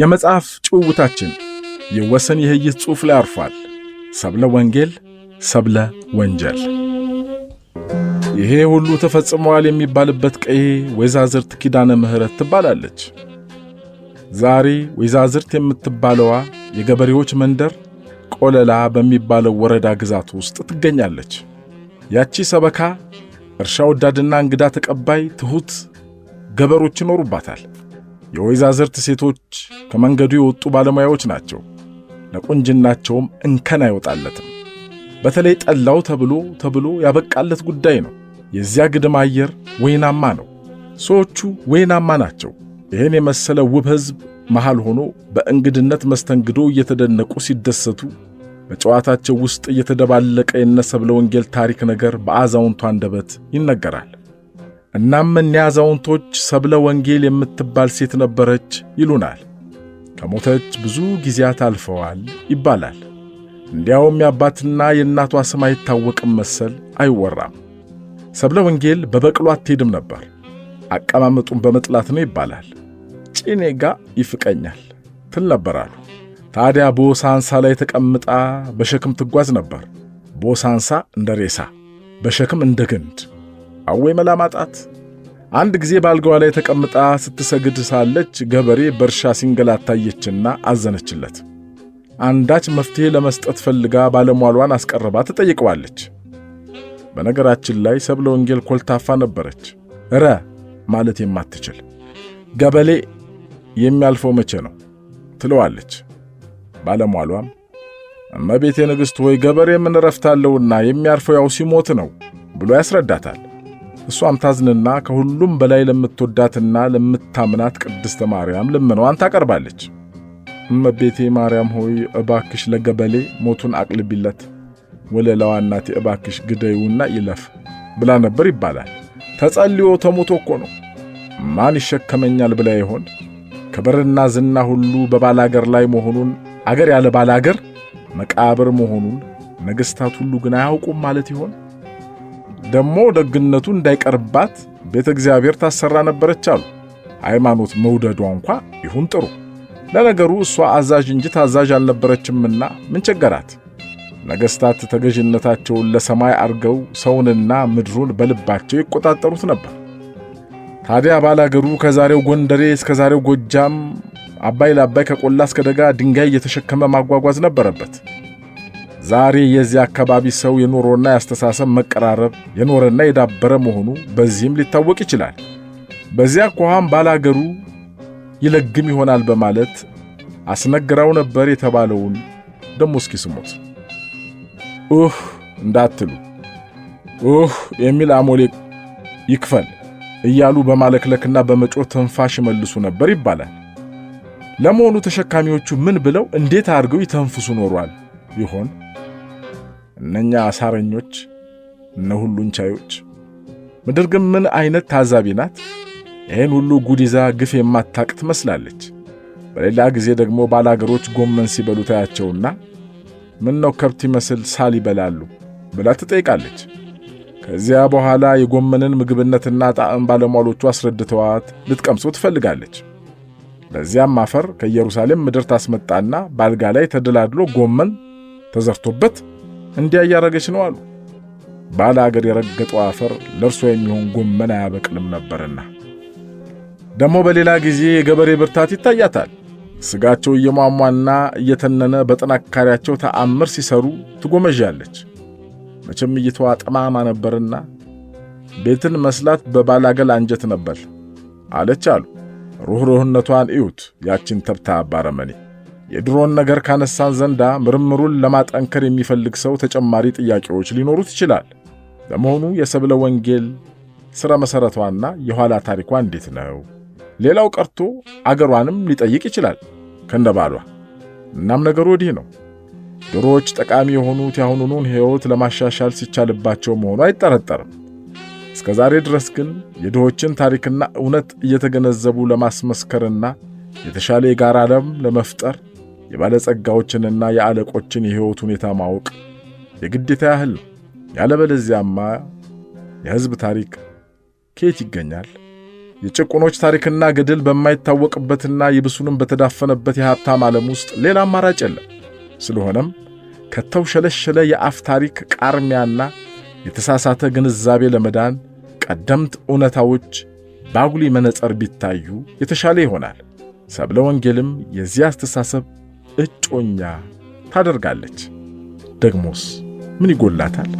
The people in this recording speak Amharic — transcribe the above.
የመጽሐፍ ጭውውታችን የወሰን የህይወት ጽሑፍ ላይ አርፏል። ሰብለ ወንጌል፣ ሰብለ ወንጀል። ይሄ ሁሉ ተፈጽመዋል የሚባልበት ቀዬ ወይዛዝርት ኪዳነ ምሕረት ትባላለች። ዛሬ ወይዛዝርት የምትባለዋ የገበሬዎች መንደር ቆለላ በሚባለው ወረዳ ግዛት ውስጥ ትገኛለች። ያቺ ሰበካ እርሻ ወዳድና እንግዳ ተቀባይ ትሑት ገበሮች ይኖሩባታል። የወይዛዝርት ሴቶች ከመንገዱ የወጡ ባለሙያዎች ናቸው። ለቁንጅናቸውም እንከን አይወጣለትም። በተለይ ጠላው ተብሎ ተብሎ ያበቃለት ጉዳይ ነው። የዚያ ግድም አየር ወይናማ ነው። ሰዎቹ ወይናማ ናቸው። ይህን የመሰለ ውብ ሕዝብ መሃል ሆኖ በእንግድነት መስተንግዶ እየተደነቁ ሲደሰቱ፣ በጨዋታቸው ውስጥ እየተደባለቀ የነሰብለ ወንጌል ታሪክ ነገር በአዛውንቱ አንደበት ይነገራል። እናም እኒያ አዛውንቶች ሰብለ ወንጌል የምትባል ሴት ነበረች ይሉናል። ከሞተች ብዙ ጊዜያት አልፈዋል ይባላል። እንዲያውም የአባትና የእናቷ ስም አይታወቅም መሰል አይወራም። ሰብለ ወንጌል በበቅሎ አትሄድም ነበር። አቀማመጡን በመጥላት ነው ይባላል። ጭኔጋ ይፍቀኛል ትል ነበራሉ። ታዲያ ቦሳንሳ ላይ ተቀምጣ በሸክም ትጓዝ ነበር። ቦሳንሳ እንደ ሬሳ፣ በሸክም እንደ ግንድ አዌ መላማጣት አንድ ጊዜ ባልጋዋ ላይ ተቀምጣ ስትሰግድ ሳለች ገበሬ በእርሻ ሲንገላታየችና አዘነችለት። አንዳች መፍትሔ ለመስጠት ፈልጋ ባለሟሏን አስቀርባ ትጠይቀዋለች። በነገራችን ላይ ሰብለ ወንጌል ኮልታፋ ነበረች፣ ረ ማለት የማትችል ገበሌ የሚያልፈው መቼ ነው ትለዋለች። ባለሟሏም እመቤቴ ንግሥት ሆይ ገበሬ ምን ረፍታለውና የሚያርፈው ያው ሲሞት ነው ብሎ ያስረዳታል። እሷም ታዝንና ከሁሉም በላይ ለምትወዳትና ለምታምናት ቅድስተ ማርያም ልመናዋን ታቀርባለች። እመቤቴ ማርያም ሆይ እባክሽ ለገበሌ ሞቱን አቅልቢለት፣ ወለላዋ እናቴ እባክሽ ግደዩና ይለፍ ብላ ነበር ይባላል። ተጸልዮ ተሞቶ እኮ ነው። ማን ይሸከመኛል ብላ ይሆን? ክብርና ዝና ሁሉ በባላገር ላይ መሆኑን አገር ያለ ባላገር መቃብር መሆኑን ነገሥታት ሁሉ ግን አያውቁም ማለት ይሆን? ደሞ ደግነቱ እንዳይቀርባት ቤተ እግዚአብሔር ታሰራ ነበረች አሉ። ሃይማኖት መውደዷ እንኳ ይሁን ጥሩ። ለነገሩ እሷ አዛዥ እንጂ ታዛዥ አልነበረችምና ምን ቸገራት? ነገሥታት ተገዥነታቸውን ለሰማይ አርገው ሰውንና ምድሩን በልባቸው ይቆጣጠሩት ነበር። ታዲያ ባላገሩ ከዛሬው ጎንደሬ እስከ ዛሬው ጎጃም፣ አባይ ለአባይ ከቆላ እስከ ደጋ ድንጋይ እየተሸከመ ማጓጓዝ ነበረበት። ዛሬ የዚህ አካባቢ ሰው የኖሮና የአስተሳሰብ መቀራረብ የኖረና የዳበረ መሆኑ በዚህም ሊታወቅ ይችላል። በዚያ አኳኋን ባላገሩ ይለግም ይሆናል በማለት አስነግራው ነበር የተባለውን ደሞ እስኪ ስሙት። ኡህ እንዳትሉ ኡህ የሚል አሞሌ ይክፈል እያሉ በማለክለክና በመጮ ትንፋሽ ይመልሱ ነበር ይባላል። ለመሆኑ ተሸካሚዎቹ ምን ብለው እንዴት አድርገው ይተንፍሱ ኖሯል ይሆን? እነኛ አሳረኞች፣ እነ ሁሉን ቻዮች። ምድር ግን ምን አይነት ታዛቢ ናት! ይህን ሁሉ ጉድ ይዛ ግፍ የማታቅ ትመስላለች። በሌላ ጊዜ ደግሞ ባላገሮች ጎመን ሲበሉ ታያቸውና ምን ነው ከብት ይመስል ሳል ይበላሉ ብላ ትጠይቃለች። ከዚያ በኋላ የጎመንን ምግብነትና ጣዕም ባለሟሎቹ አስረድተዋት ልትቀምሶ ትፈልጋለች። በዚያም አፈር ከኢየሩሳሌም ምድር ታስመጣና በአልጋ ላይ ተደላድሎ ጎመን ተዘርቶበት እንዲያ እያረገች ነው አሉ። ባለ አገር የረገጠው አፈር ለርሶ የሚሆን ጎመን አያበቅልም ነበርና። ደግሞ በሌላ ጊዜ የገበሬ ብርታት ይታያታል። ስጋቸው እየሟሟና እየተነነ በጥንካሬያቸው ተአምር ሲሰሩ ትጎመዣለች። መቼም እይታዋ ጠማማ ነበርና ቤትን መስላት በባላገል አንጀት ነበር አለች አሉ። ሩኅሩህነቷን እዩት ያችን ተብታ ባረመኔ የድሮን ነገር ካነሳን ዘንዳ ምርምሩን ለማጠንከር የሚፈልግ ሰው ተጨማሪ ጥያቄዎች ሊኖሩት ይችላል። ለመሆኑ የሰብለ ወንጌል ሥረ መሠረቷና የኋላ ታሪኳ እንዴት ነው? ሌላው ቀርቶ አገሯንም ሊጠይቅ ይችላል ከእንደ ባሏ። እናም ነገሩ ወዲህ ነው። ድሮዎች ጠቃሚ የሆኑት የአሁኑኑን ሕይወት ለማሻሻል ሲቻልባቸው መሆኑ አይጠረጠርም። እስከ ዛሬ ድረስ ግን የድሆችን ታሪክና እውነት እየተገነዘቡ ለማስመስከርና የተሻለ የጋራ ዓለም ለመፍጠር የባለጸጋዎችንና የአለቆችን የሕይወት ሁኔታ ማወቅ የግዴታ ያህል ነው። ያለበለዚያማ የሕዝብ ታሪክ ከየት ይገኛል? የጭቁኖች ታሪክና ገድል በማይታወቅበትና ይብሱንም በተዳፈነበት የሀብታም ዓለም ውስጥ ሌላ አማራጭ የለም። ስለሆነም ከተው ሸለሸለ የአፍ ታሪክ ቃርሚያና የተሳሳተ ግንዛቤ ለመዳን ቀደምት እውነታዎች ባጉሊ መነጽር ቢታዩ የተሻለ ይሆናል። ሰብለ ወንጌልም የዚህ አስተሳሰብ እጮኛ ታደርጋለች። ደግሞስ ምን ይጎላታል?